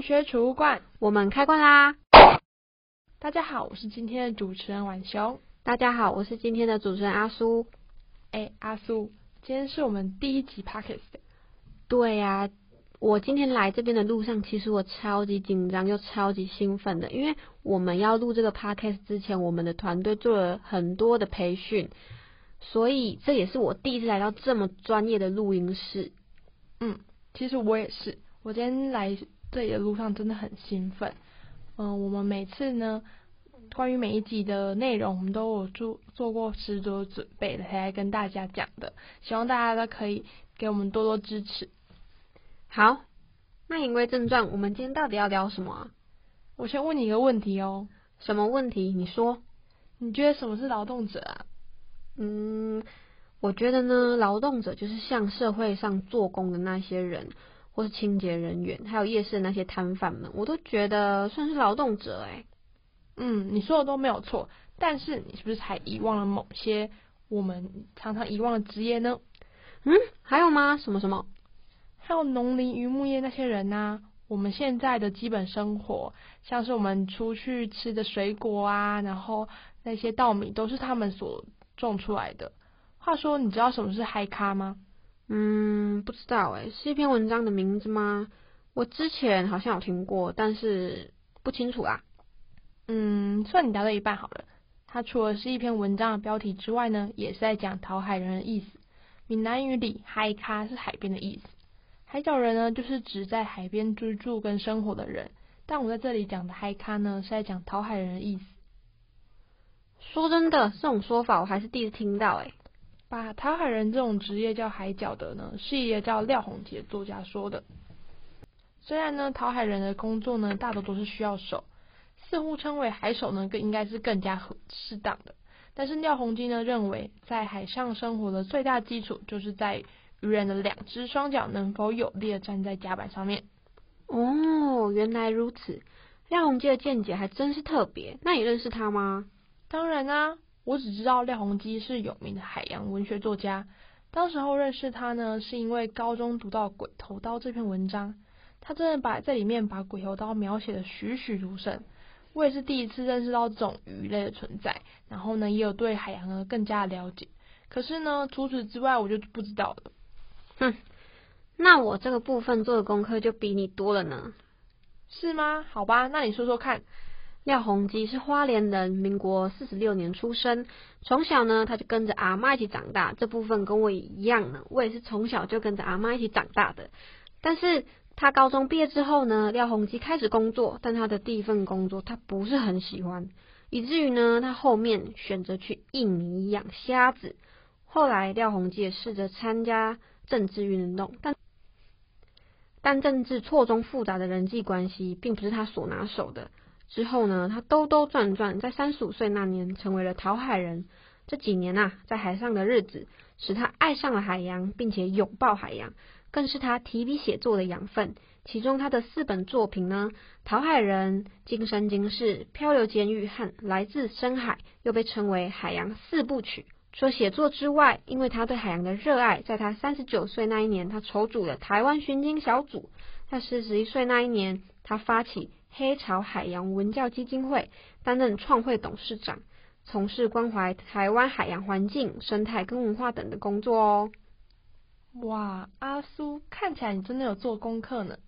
文學儲物罐，我們開罐啦！大家好，我是今天的主持人浣熊。大家好，我是今天的主持人阿蘇。哎、欸，阿蘇，今天是我們第一集 podcast。對呀、啊，我今天來這邊的路上，其實我超級緊張又超級興奮的，因為我們要錄這個 podcast 之前，我們的團隊做了很多的培訓，所以這也是我第一次來到這麼專業的錄音室。嗯，其實我也是，我今天來這裡的路上真的很興奮，嗯、呃，我們每次呢，關於每一集的內容，我們都有做做過十足的準備來跟大家講的，希望大家都可以給我們多多支持。好，那言歸正傳，我們今天到底要聊什麼、啊？我先問你一個問題哦，什麼問題？你說，你覺得什麼是勞動者？啊？嗯，我覺得呢，勞動者就是像社會上做工的那些人。或是清潔人員，還有夜市的那些攤販們，我都覺得算是勞動者哎、欸。嗯，你說的都沒有錯，但是你是不是才遺忘了某些我們常常遺忘的職業呢？嗯，還有嗎？什麼什麼？還有農林漁牧業那些人呢、啊？我們現在的基本生活，像是我們出去吃的水果啊，然後那些稻米都是他們所種出來的。話說，你知道什麼是海腳嗎？嗯，不知道哎，是一篇文章的名字嗎？我之前好像有聽過，但是不清楚啊。嗯，算你答對一半好了。它除了是一篇文章的標題之外呢，也是在講“討海人”的意思。閩南語裡“嗨咖”是海邊的意思，“海腳人”呢就是指在海邊居住跟生活的人。但我在這裡講的“嗨咖”呢，是在講“討海人”的意思。說真的，這種說法我還是第一次聽到誒。把討海人這種職業叫海腳的呢，是一個叫廖鴻基的作家說的。雖然呢，討海人的工作呢，大多都是需要手，似乎稱為海手呢，更應該是更加適當的。但是廖鴻基呢，認為在海上生活的最大基礎，就是在於人的兩隻雙腳能否有力地站在甲板上面。哦，原來如此，廖鴻基的見解還真是特別。那你認識他嗎？當然啊。我只知道廖鴻基是有名的海洋文學作家。當時候認識他呢，是因為高中讀到《鬼頭刀》這篇文章，他真的把這裡面把鬼頭刀描寫的栩栩如生。我也是第一次認識到這種魚類的存在，然後呢，也有對海洋呢更加的了解。可是呢，除此之外我就不知道了。哼，那我這個部分做的功課就比你多了呢。是嗎？好吧，那你說說看。廖鴻基是花蓮人，民國四十六年出生。從小呢，他就跟着阿嬤一起長大。這部分跟我一樣呢，我也是從小就跟着阿嬤一起長大的。但是他高中畢業之後呢，廖鴻基開始工作，但他的第一份工作他不是很喜歡，以至於呢，他後面選擇去印尼養蝦子。後來廖鴻基也試着參加政治運動，但但政治錯綜複雜的人際關係，並不是他所拿手的。之後呢，他兜兜轉轉，在三十五歲那年成為了討海人。這幾年吶、啊，在海上的日子，使他愛上了海洋，並且擁抱海洋，更是他提筆寫作的養分。其中他的四本作品呢，《討海人》《今生今世》《漂流監獄》和《來自深海》，又被稱為海洋四部曲。除了寫作之外，因為他對海洋的熱愛，在他三十九歲那一年，他籌組了台灣尋鯨小組；在四十一歲那一年，他發起黑潮海洋文教基金會擔任創會董事長，從事關懷台灣海洋環境、生態跟文化等的工作哦。哇，阿蘇，看起來你真的有做功課呢。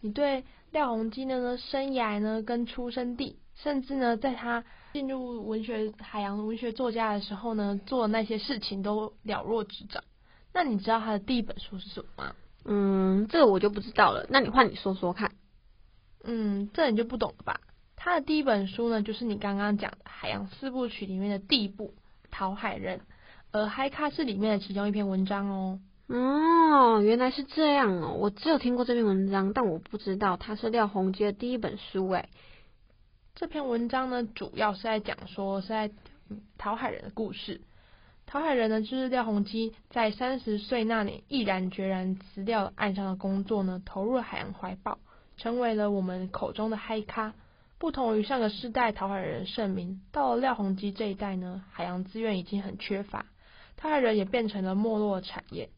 你對廖鴻基的呢，呢生涯呢、跟出生地，甚至呢在他進入文學、海洋文學作家的時候呢，做的那些事情都了若指掌。那你知道他的第一本書是什麼嗎？嗯，這個我就不知道了。那你換你說說看。嗯，這你就不懂了吧？他的第一本書呢，就是你剛剛講的《海洋四部曲》裡面的第一部《討海人》，而《海腳》是裡面的其中一篇文章哦。哦、嗯，原來是這樣哦！我只有聽過這篇文章，但我不知道它是廖鴻基的第一本書哎。這篇文章呢，主要是在講說是在嗯、討海人的故事。討海人呢，就是廖鴻基在三十歲那年毅然決然辭掉了岸上的工作呢，投入了海洋懷抱。成為了我們口中的“海腳”，不同於上個世代討海人的盛名，到了廖鴻基這一代呢，海洋資源已經很缺乏，討海人也變成了沒落的產業。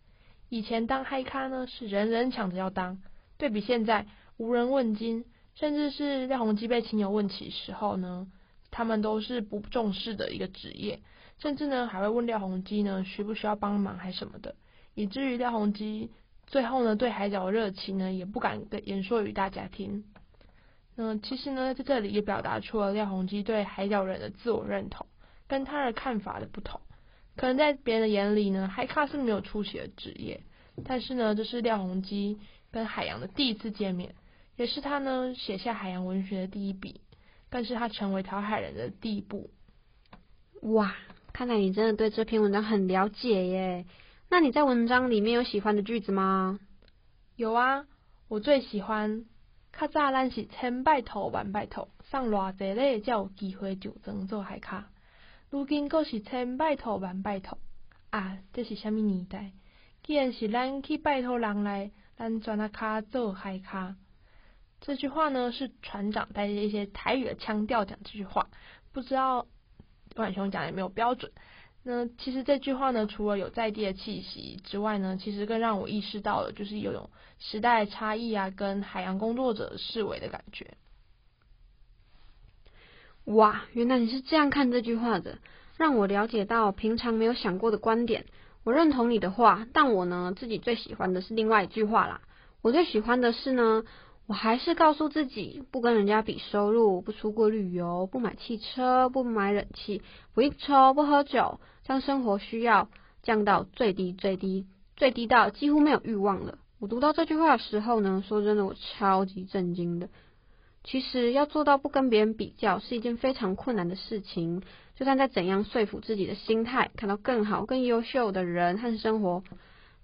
以前當海腳呢，是人人搶着要當，對比現在無人問津，甚至是廖鴻基被親友問起時候呢，他們都是不重視的一個職業，甚至呢還會問廖鴻基呢需不需要幫忙還什麼的，以至於廖鴻基。最後呢，對海腳的熱情呢，也不敢跟言說於大家聽。嗯，其實呢，在這裡也表達出了廖鴻基對海腳人的自我認同，跟他的看法的不同。可能在別人的眼裡呢，海腳是沒有出息的職業，但是呢，這是廖鴻基跟海洋的第一次見面，也是他呢寫下海洋文學的第一筆，更是他成為討海人的第一步。哇，看來你真的對這篇文章很了解耶。那你在文章裡面有喜歡的句子嗎？有啊，我最喜歡卡早前是千拜託萬拜託，上偌濟咧才有機會就裝做海腳。如今閣是千拜託萬拜託啊，這是啥物年代？既然是咱去拜託人來，咱轉下跤做海腳。這句話呢，是船長帶着一些台語的腔調講這句話，不知道浣熊講有沒有標準？那其實這句話呢，除了有在地的氣息之外呢，其實更讓我意識到了，就是有種時代差異啊，跟海洋工作者思維的感覺。哇，原來你是這樣看這句話的，讓我了解到平常沒有想過的觀點。我認同你的話，但我呢自己最喜歡的是另外一句話啦。我最喜歡的是呢。我還是告訴自己，不跟人家比收入，不出國旅遊，不買汽車，不買冷氣，不應酬，不喝酒，將生活需要降到最低最低最低到幾乎沒有慾望了。我讀到這句話的時候呢，說真的我超級震驚的。其實要做到不跟別人比較是一件非常困難的事情，就算再怎樣說服自己的心態，看到更好更優秀的人和生活。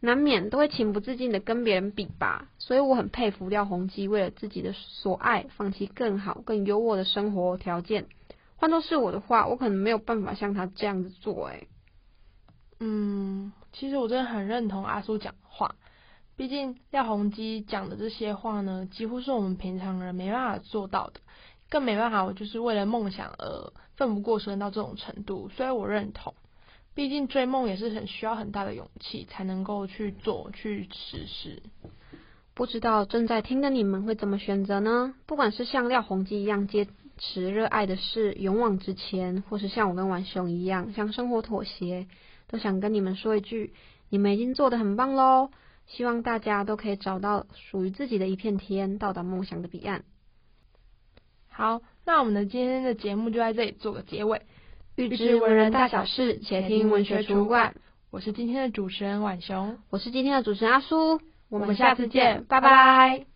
難免都會情不自禁的跟別人比吧，所以我很佩服廖鴻基為了自己的所愛，放棄更好更優渥的生活條件。換作是我的話，我可能沒有辦法像他這樣子做、欸。誒。嗯，其實我真的很認同阿蘇講的話。畢竟廖鴻基講的這些話呢，幾乎是我們平常人沒辦法做到的，更沒辦法我就是為了夢想而奮不顧身到這種程度。所以我認同。畢竟追夢也是很需要很大的勇氣才能夠去做、去實施。不知道正在聽的你們會怎麼選擇呢？不管是像廖鴻基一樣堅持熱愛的事、勇往直前，或是像我跟浣熊一樣向生活妥協，都想跟你們說一句：你們已經做得很棒嘍！希望大家都可以找到屬於自己的一片天，到達夢想的彼岸。好，那我們的今天的節目就在這裡做個結尾。欲知文人大小事，且聽文學儲物罐。我是今天的主持人浣熊，我是今天的主持人阿蘇，我們下次見，拜拜。